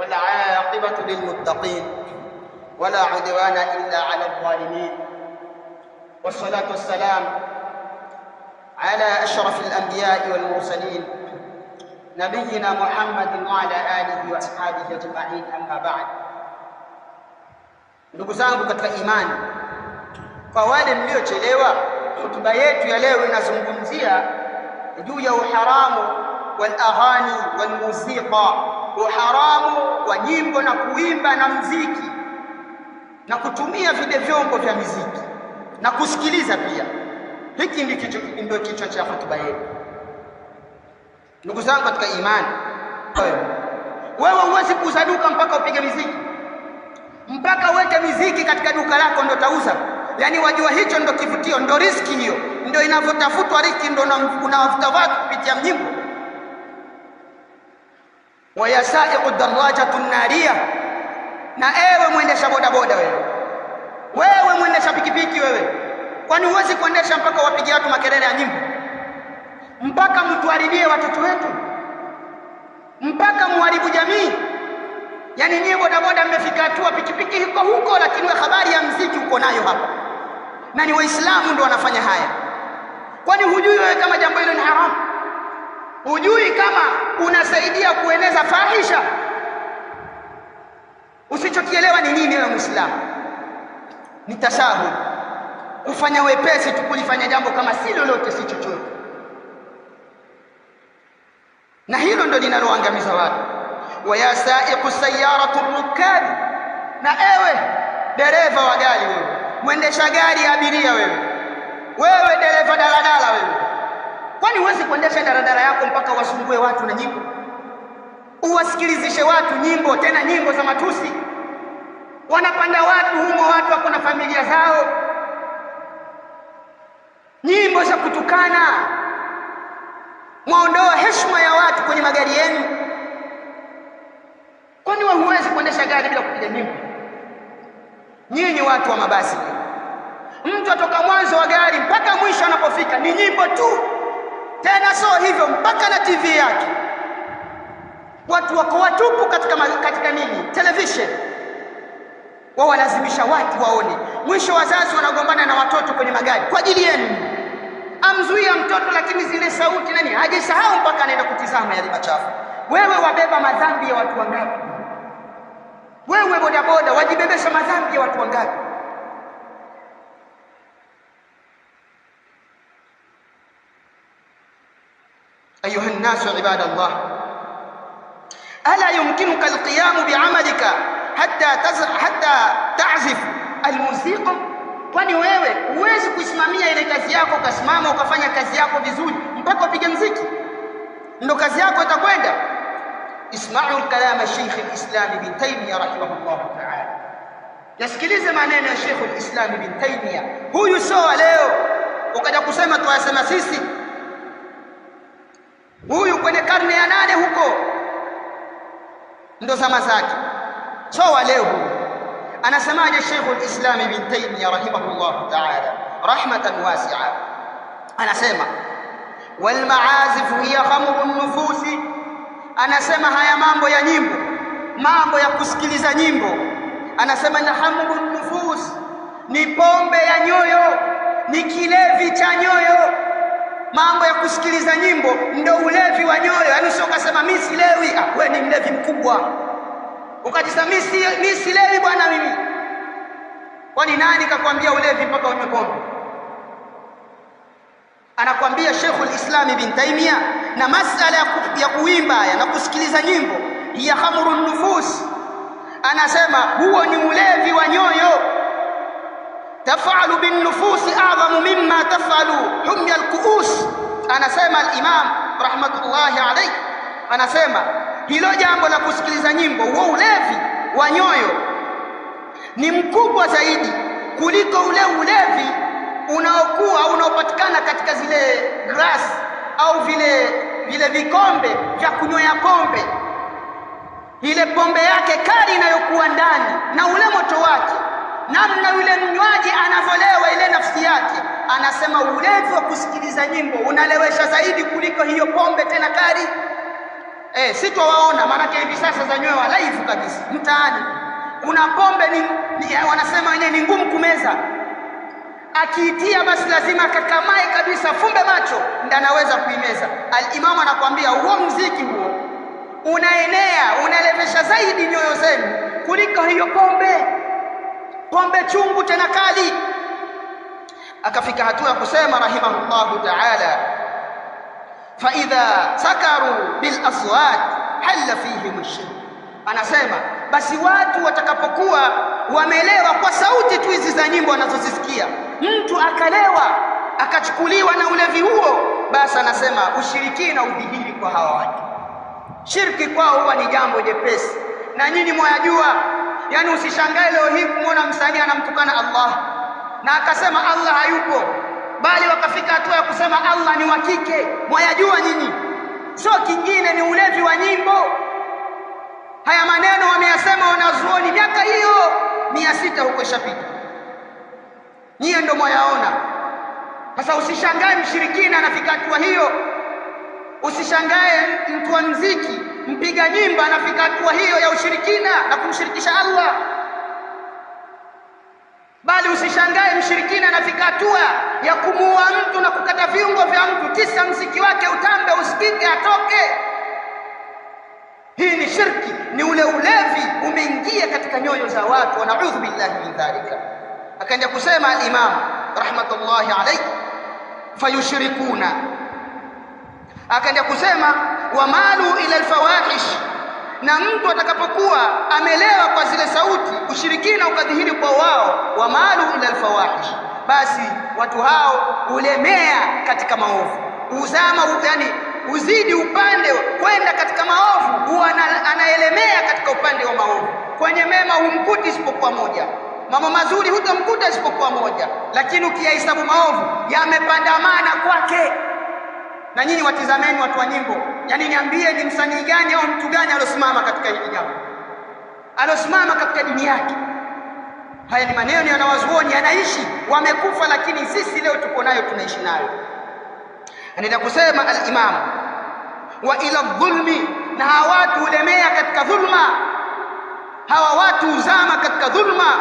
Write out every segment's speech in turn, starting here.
والعاقبة للمتقين ولا عدوان إلا على الظالمين والصلاة والسلام على أشرف الأنبياء والمرسلين نبينا محمد وعلى آله وأصحابه أجمعين أما بعد ndugu zangu katika imani kwa wale mliochelewa hutuba yetu ya leo inazungumzia juu ya uharamu wal aghani wal uharamu wa nyimbo na kuimba na mziki na kutumia vile vyombo vya mziki na kusikiliza pia. Hiki ndio kichwa cha hotuba yetu, ndugu zangu katika imani. Wewe huwezi kuuza duka mpaka upige mziki, mpaka uweke mziki katika duka lako ndio tauza. Yaani wajua, hicho ndo kivutio, ndo riski hiyo, ndo inavyotafutwa riski, ndio unavuta watu kupitia nyimbo wayasaiqu darajatu naria, na ewe mwendesha bodaboda wewe, wewe mwendesha pikipiki wewe, kwani huwezi kuendesha mpaka wapige watu makelele ya nyimbo, mpaka mtuharibie watoto wetu, mpaka muharibu jamii. Yaani nyie bodaboda mmefika hatua, pikipiki iko huko, lakini we habari ya mziki uko nayo hapa, na ni Waislamu ndio wanafanya haya. Kwani hujui wewe kama jambo hilo ni haramu? Hujui kama unasaidia kueneza fahisha? Usichokielewa ni nini wewe Muislamu? Ni tashahud, kufanya wepesi tu kulifanya jambo kama si lolote, si chochote, na hilo ndo linaloangamiza watu. Waya saiqu sayaratu rukab, na ewe dereva wa gari, wewe mwendesha gari ya abiria, wewe wewe dereva daladala, wewe Kwani huwezi kuendesha daladala yako mpaka uwasumbue watu na nyimbo, uwasikilizishe watu nyimbo, tena nyimbo za matusi? Wanapanda watu humo, watu wako na familia zao, nyimbo za kutukana. Mwaondoa heshima ya watu kwenye magari yenu. Kwani wewe huwezi kuendesha gari bila kupiga nyimbo? Nyinyi watu wa mabasi, mtu atoka mwanzo wa gari mpaka mwisho anapofika ni nyimbo tu. Tena sio hivyo, mpaka na TV yake watu wako watupu katika, katika nini television. Wao walazimisha watu waone. Mwisho wazazi wanagombana na watoto kwenye magari kwa ajili yenu. Amzuia mtoto, lakini zile sauti nani hajisahau mpaka anaenda kutizama yale machafu. Wewe wabeba madhambi ya watu wangapi? Wewe bodaboda wajibebesha madhambi ya watu wangapi? ayuha الناس عباد llah ala yumkinuka alqiyamu بعملك حتى تزر حتى تعزف kwani wewe huwezi kuisimamia ile kazi yako ukasimama ukafanya kazi yako vizuri mpaka upige mziki ndo kazi yako itakwenda isma'u kalama Sheikh lislam bin Ibn Taymiyyah rahimahullah ta'ala yasikilize maneno ya Sheikh lislam bin taimia huyu sio leo ukaja kusema tuwasema sisi Huyu kwenye karne ya nane huko ndo zama zake. So wa leo anasemaje Sheikhul Islam Ibn Taymiyyah rahimahullah ta'ala rahmatan wasi'a, anasema wal maazif hiya khamrun nufusi, anasema haya mambo ya nyimbo, mambo ya kusikiliza nyimbo, anasema na hamrun nufus, ni pombe ya nyoyo, ni kilevi cha nyoyo mambo ya kusikiliza nyimbo ndo ulevi wa nyoyo. Yaani sio kasema mimi silewi, ah, wewe ni mlevi mkubwa. Ukajisema mimi silewi bwana mimi. Kwani nani kakwambia ulevi mpaka unywe pombe? Anakwambia Sheikhul Islam Ibn Taymiyyah, na masala ya kuimba haya na kusikiliza nyimbo ya khamrun nufus, anasema huo ni ulevi wa nyoyo tafalu binnufusi adhamu mimma tafalu humya alkuus. Anasema Alimam rahmatullahi alayhi, anasema hilo jambo la kusikiliza nyimbo, huo ulevi wa nyoyo ni mkubwa zaidi kuliko ule ulevi unaokuwa unaopatikana katika zile glasi au vile vile vikombe vya kunywea pombe, ile pombe yake kali inayokuwa ndani na ule moto wake namna yule mnywaji anavolewa ile nafsi yake. Anasema ulevi wa kusikiliza nyimbo unalewesha zaidi kuliko hiyo pombe tena kali. Eh, sitwawaona maanake hivi sasa zanywewa live kabisa mtaani. Kuna pombe ni, ni, wanasema wenyewe ni ngumu kumeza, akiitia basi lazima akakamae kabisa, fumbe macho ndio anaweza kuimeza. Alimamu anakuambia huo mziki huo unaenea unalevesha zaidi nyoyo zenu kuliko hiyo pombe pombe chungu tena kali, akafika hatua ya kusema rahimahullahu ta'ala, fa idha sakaru bil aswat halla fihim shirk. Anasema basi watu watakapokuwa wamelewa kwa sauti tu hizi za nyimbo wanazozisikia, mtu akalewa akachukuliwa na ulevi huo, basi anasema ushirikina udhihiri kwa hawa watu. Shirki kwao huwa ni jambo jepesi, na nyinyi mwayajua Yaani usishangae leo hii kumwona msanii anamtukana Allah na akasema Allah hayupo, bali wakafika hatua ya kusema Allah ni wa kike. Mwayajua nyinyi, sio kingine, ni ulevi wa nyimbo. Haya maneno wameyasema wanazuoni miaka hiyo mia sita huko ishapita, nyiye ndo mwayaona sasa. Usishangae mshirikina anafika hatua hiyo, usishangae mtu wa mziki Mpiga nyimba anafika hatua hiyo ya ushirikina na kumshirikisha Allah, bali usishangae mshirikina anafika hatua ya kumuua mtu na kukata viungo vya mtu, tisa mziki wake utambe, usikike, atoke. Hii ni shirki, ni ule ulevi umeingia katika nyoyo za watu, wanaudhu billahi min dhalika. Akaenda kusema alimamu rahmatullahi alayhi, fayushrikuna, akaenda kusema wa malu ila alfawahish, na mtu atakapokuwa amelewa kwa zile sauti, ushirikina ukadhihiri kwa wao, wa malu ila alfawahish, basi watu hao hulemea katika maovu, uzama yani uzidi upande kwenda katika maovu, huwa anaelemea katika upande wa maovu. Kwenye mema humkuti isipokuwa moja, mambo mazuri hutamkuta isipokuwa moja, lakini ukiyahesabu maovu yamepandamana kwake. Na nyinyi watizameni watu wa nyimbo, yani niambie ni msanii gani au mtu gani aliosimama katika hili jambo, aliosimama katika dini yake. Haya ni maneno yanawazuoni yanaishi, wamekufa, lakini sisi leo tuko nayo, tunaishi nayo. Anaenda kusema alimamu wa ila dhulmi, na hawa watu hulemea katika dhulma, hawa watu huzama katika dhulma,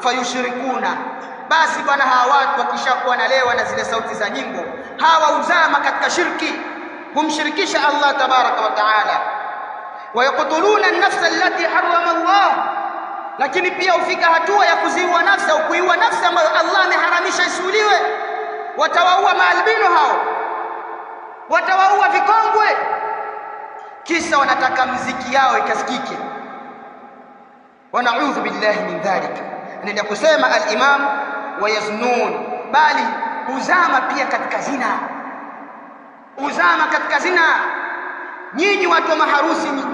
fayushirikuna basi bwana, hawa watu wakishakuwa nalewa na zile sauti za nyimbo, hawa uzama katika shirki, humshirikisha Allah tabaraka wa taala. Wayaktuluna an-nafsa allati harrama Allah, lakini pia hufika hatua ya kuziua nafsi au kuiua nafsi ambayo Allah ameharamisha isuliwe. Watawaua maalbino hao, watawaua vikongwe, kisa wanataka mziki yao ikasikike. Wanaudhu billahi min dhalika. Anaenda kusema al-Imam wa yaznun, bali huzama pia katika zina, huzama katika zina. Nyinyi watu wa maharusi, nyinyi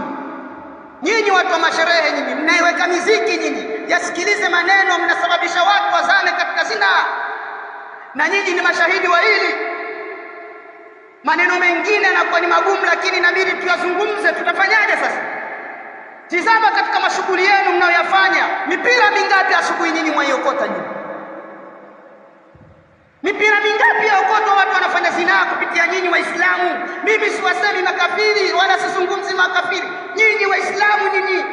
nyinyi watu wa masherehe, nyinyi mnaiweka miziki, nyinyi yasikilize maneno, mnasababisha watu wazame katika zina, na nyinyi ni mashahidi wa hili. Maneno mengine yanakuwa ni magumu, lakini inabidi tuyazungumze. Tutafanyaje sasa? Tizama katika mashughuli yenu mnayoyafanya, mipira mingapi asubuhi nyinyi mwaiokota nyinyi Mipira mingapi ya ukoto watu wanafanya zinaa kupitia nyinyi Waislamu? Mimi siwasemi makafiri wala sizungumzi makafiri, nyinyi Waislamu nyinyi.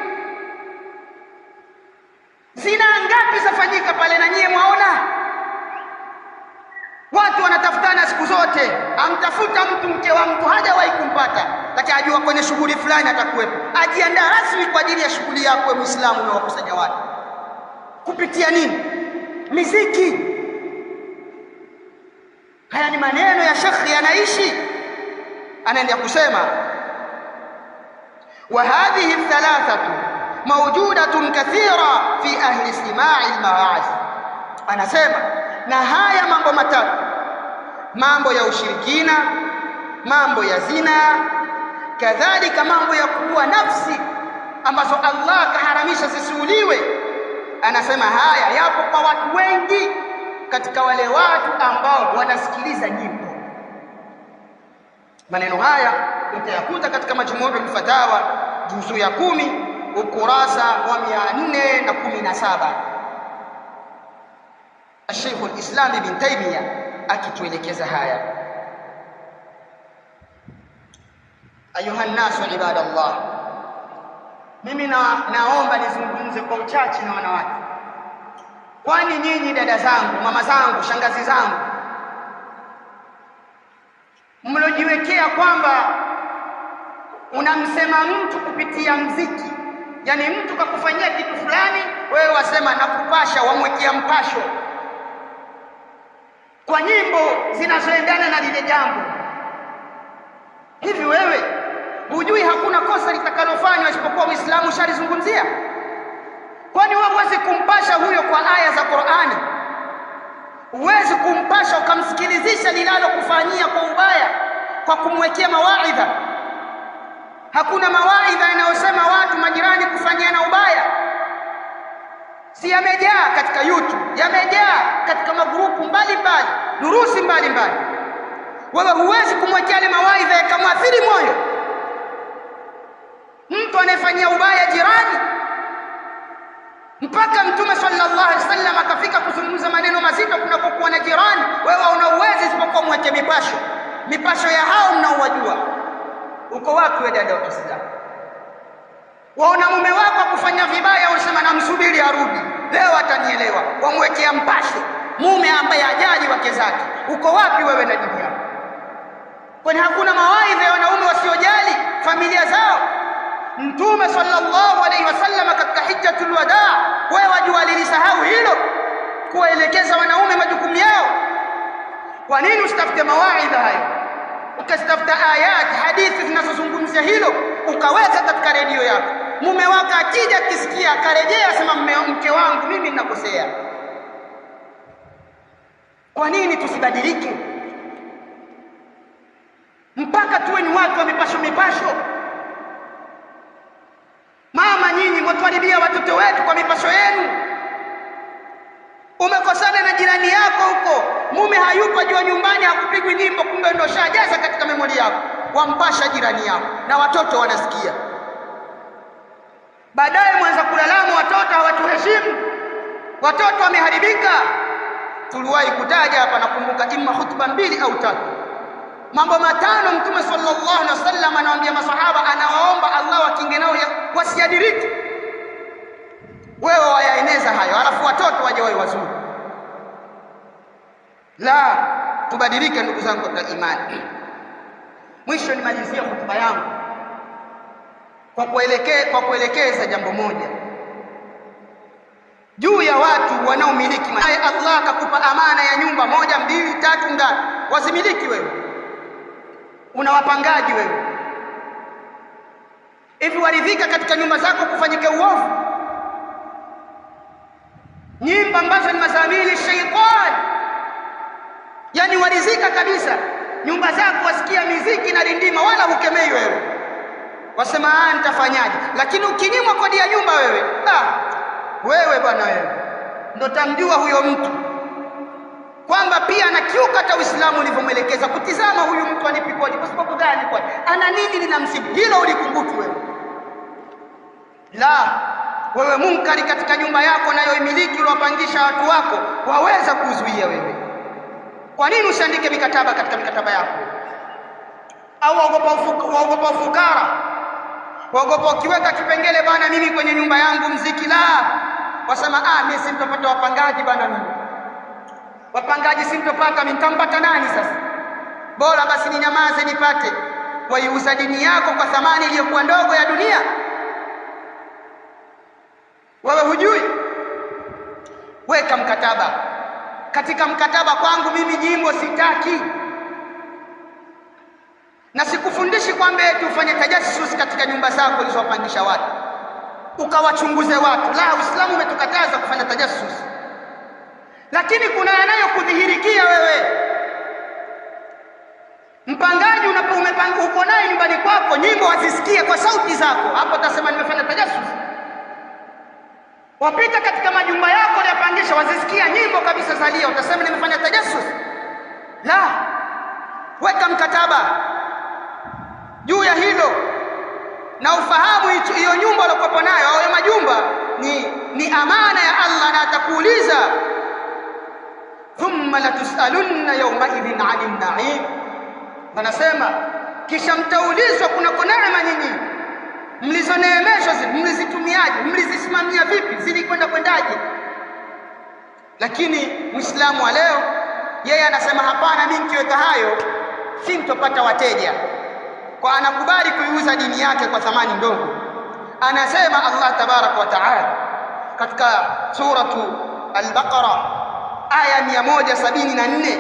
Zinaa ngapi zafanyika pale na nyie mwaona? Watu wanatafutana siku zote, amtafuta mtu mke wa mtu hajawahi kumpata, lakini ajua kwenye shughuli fulani atakuwepo. Ajiandaa rasmi kwa ajili ya shughuli yako, Muislamu. wakusanya watu kupitia nini? Miziki Haya ni maneno ya shekhi, yanaishi. Anaendelea kusema wa hadhihi thalathatu mawjudatun kathira fi ahli istimai almawaasi, anasema na haya mambo matatu, mambo ya ushirikina, mambo ya zina, kadhalika mambo ya kuua nafsi ambazo Allah akaharamisha zisiuliwe. Anasema haya yapo kwa watu wengi katika wale watu ambao wanasikiliza nyimbo. Maneno haya utayakuta katika Majmu'ul Fatawa juzu ya kumi ukurasa wa mia nne na kumi na saba Sheikh al Ibn Taymiya akituelekeza haya. ayuha nasu ibadallah, mimi na, naomba nizungumze kwa uchache na wanawake Kwani nyinyi dada zangu, mama zangu, shangazi zangu, mlojiwekea kwamba unamsema mtu kupitia mziki, yaani mtu kakufanyia kitu fulani, wewe wasema nakupasha, wamwekea mpasho kwa nyimbo zinazoendana na lile jambo. Hivi wewe hujui hakuna kosa litakalofanywa isipokuwa Uislamu ushalizungumzia Kwani wewe huwezi kumpasha huyo kwa aya za Qur'ani? Huwezi kumpasha ukamsikilizisha linalokufanyia kwa ubaya kwa kumwekea mawaidha. Hakuna mawaidha yanayosema watu majirani kufanyiana ubaya, si yamejaa katika YouTube, yamejaa katika magrupu mbalimbali, nurusi mbalimbali. Wewe huwezi kumwekea ile mawaidha yakamwathiri moyo mtu anayefanyia ubaya jirani mpaka Mtume sallallahu alaihi wasallam akafika kuzungumza maneno mazito kunapokuwa na jirani. Wewe una uwezi isipokuwa mwache mipasho, mipasho ya hao mnaowajua. Uko wapi wewe dada wa Kiislamu? Waona mume wako akufanya vibaya, unasema namsubiri arudi, leo atanielewa. Wamwekea mpasho mume ambaye ajali wake zake. Uko wapi wewe na dini yako? Kwani hakuna mawaidha ya wanaume wasiojali familia zao? Mtume sallallahu alaihi wasallam katika hijjatul wada, wewe wajua alilisahau hilo, kuwaelekeza wanaume majukumu yao. Kwa nini usitafute mawaidha hayo, ukazitafuta ayati, hadithi zinazozungumzia hilo, ukaweka katika redio yako? Mume wako akija akisikia, akarejea, asema mke wangu mimi ninakosea. Kwa nini tusibadilike mpaka tuwe ni watu wa mipasho mipasho? kama nyinyi mwatuharibia watoto wetu kwa mipasho yenu. Umekosana na jirani yako huko, mume hayupo jua nyumbani, hakupigwi nyimbo, kumbe ndio shajaza katika memori yako, wampasha jirani yako na watoto wanasikia. Baadaye mwanza kulalamu watoto hawatuheshimu, watoto wameharibika. Tuliwahi kutaja hapa, nakumbuka, ima hutuba mbili au tatu Mambo matano Mtume sallallahu alaihi wasallam anawaambia masahaba, anawaomba Allah wakinge nao wasiadiriki. Wewe wayaeneza hayo, alafu watoto waje wawe wazuri. La, tubadilike ndugu zangu katika imani. Mwisho nimalizia hotuba yangu kwa kuelekeza kwa kuelekeza jambo moja juu ya watu wanaomiliki. Allah akakupa amana ya nyumba moja, mbili, tatu, ngapi? wazimiliki wewe wapangaji wewe? Hivi waridhika katika nyumba zako kufanyike uovu, nyumba ambazo ni mazamili sheitani? Yaani waridhika kabisa, nyumba zako wasikia miziki na rindima, wala hukemei wewe, wasema ah, nitafanyaje? Lakini ukinyimwa kodi ya nyumba wewe, ah, wewe bwana, wewe ndo tamjua huyo mtu kwamba pia anakiuka hata Uislamu ulivyomwelekeza kutizama huyu mtu anipikoje, kwa sababu gani? Kwa ana nini linamsibu? Hilo ulikumbuki wewe. La, wewe munkari katika nyumba yako nayoimiliki uliopangisha watu wako, waweza kuzuia wewe. Kwa nini usiandike mikataba katika mikataba yako? Au waogopa ufukara, waogopa ukiweka kipengele, bana mimi kwenye nyumba yangu mziki, la wasema ah, mimi si mtapata wapangaji bana mimi wapangaji, simtopata nitampata nani sasa? Bora basi ninyamaze nipate. Waiuza dini yako kwa thamani iliyokuwa ndogo ya dunia, wewe hujui. Weka mkataba, katika mkataba kwangu mimi jimbo sitaki, na sikufundishi kwamba eti ufanye tajasusi katika nyumba zako ulizowapangisha watu ukawachunguze watu. La, Uislamu umetukataza kufanya tajasusi lakini kuna yanayokudhihirikia wewe. Mpangaji unapo uko naye nyumbani kwako, nyimbo azisikie kwa sauti zako, hapo atasema nimefanya tajasusi. Wapita katika majumba yako yapangisha, wazisikia nyimbo kabisa zalia, utasema nimefanya tajasusi. La, weka mkataba juu ya hilo na ufahamu hiyo nyumba uliokopa nayo au majumba ni, ni amana ya Allah na atakuuliza thumma latusalunna yaumaidhin anin naim, anasema kisha mtaulizwa kunako neema nyinyi mlizoneemeshwa, mlizitumiaje? Mlizisimamia vipi? Zilikwenda kwendaje? Lakini mwislamu wa leo yeye anasema hapana, mimi nikiweka hayo sintopata wateja, kwa anakubali kuiuza dini yake kwa thamani ndogo. Anasema Allah tabaraka wa taala katika suratu al baqarah aya 174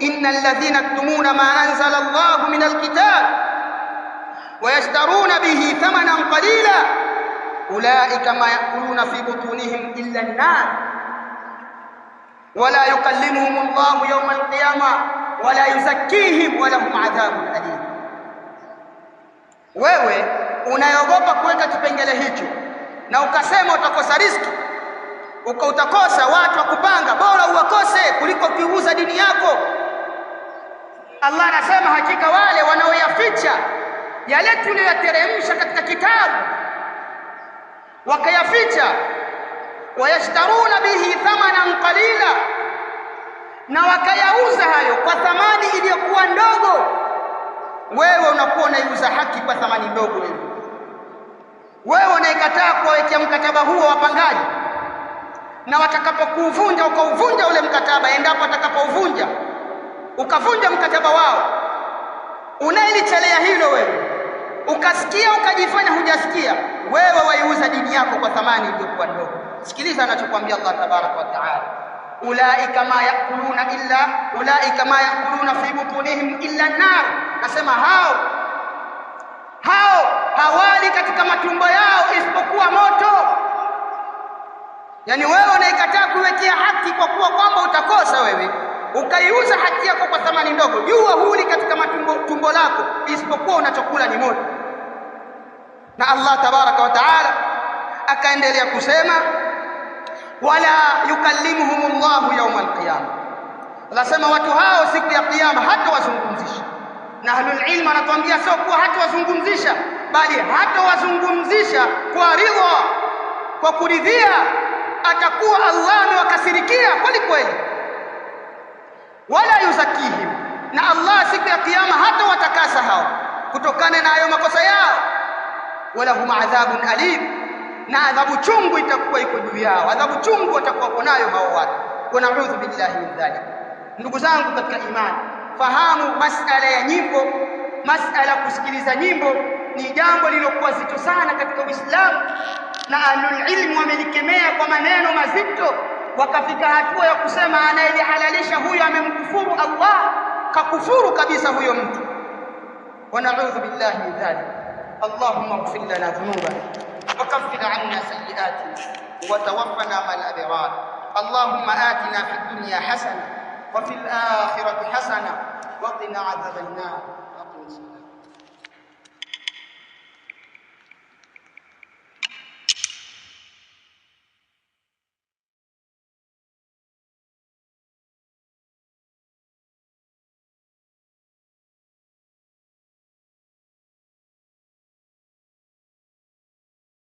innal ladhina yaktumuna ma anzala Allahu min alkitab wayashtaruna bihi thamanan qalila ulaika ma yakuluna fi butunihim illa an-nar wala yukallimuhum Allahu yawma al-qiyamah wala yuzakkihim wa lahum adhabun alim wewe unayogopa kuweka kipengele hicho na ukasema utakosa riziki utakosa watu wa kupanga, bora uwakose kuliko ukiuza dini yako. Allah anasema hakika wale wanaoyaficha yale tuliyoyateremsha katika kitabu wakayaficha, wayashtaruna bihi thamanan qalila, na wakayauza hayo kwa thamani iliyokuwa ndogo. Wewe unakuwa unaiuza haki kwa thamani ndogo, wewe wewe unaikataa kuwawekea mkataba huo wapangaji na watakapokuuvunja ukauvunja ule mkataba, endapo atakapouvunja ukavunja mkataba wao, unayelichelea hilo wewe, ukasikia ukajifanya hujasikia, wewe waiuza dini yako kwa thamani iliyokuwa ndogo. Sikiliza anachokwambia Allah tabaraka wa taala, ulaika ma yakuluna illa ulaika ma yakuluna fi butunihim illa nar, nasema hao hao hawali katika matumbo yao isipokuwa moto Yaani wewe unaikataa kuiwekea haki kwa kuwa kwamba utakosa wewe, ukaiuza haki yako kwa thamani ndogo. Jua huli katika matumbo tumbo lako, isipokuwa unachokula ni moto. Na Allah tabaraka wa taala akaendelea kusema, wala yukallimuhum llahu yauma alqiyama, anasema watu hao siku ya Kiyama hata wazungumzisha. Na ahlul ilm anatuambia sio kuwa hata wazungumzisha, bali hata wazungumzisha kwa ridha, kwa kuridhia atakuwa Allah amewakasirikia kweli kweli. Wala yuzakihim, na Allah siku ya Kiyama hata watakasa hao kutokana na hayo makosa yao. Walahum adhabun alim, na adhabu chungu itakuwa iko juu yao, adhabu chungu watakuwa nayo hao watu. Wanaudhu billahi min dhalik. Ndugu zangu katika imani, fahamu masala ya nyimbo, masala kusikiliza nyimbo ni jambo lilokuwa zito sana katika Uislamu, na ahlulilmu wamelikemea kwa maneno mazito, wakafika hatua ya kusema anayelihalalisha huyo amemkufuru Allah, kakufuru kabisa huyo mtu. Wanaudhu billahi min dhalik. Allahumma ighfir lana dhunubana wa kaffir 'anna sayyi'atina wa tawaffana ma'al abrar. Allahumma atina fid dunya hasana wa fil akhirati hasana wa qina 'adhaban nar.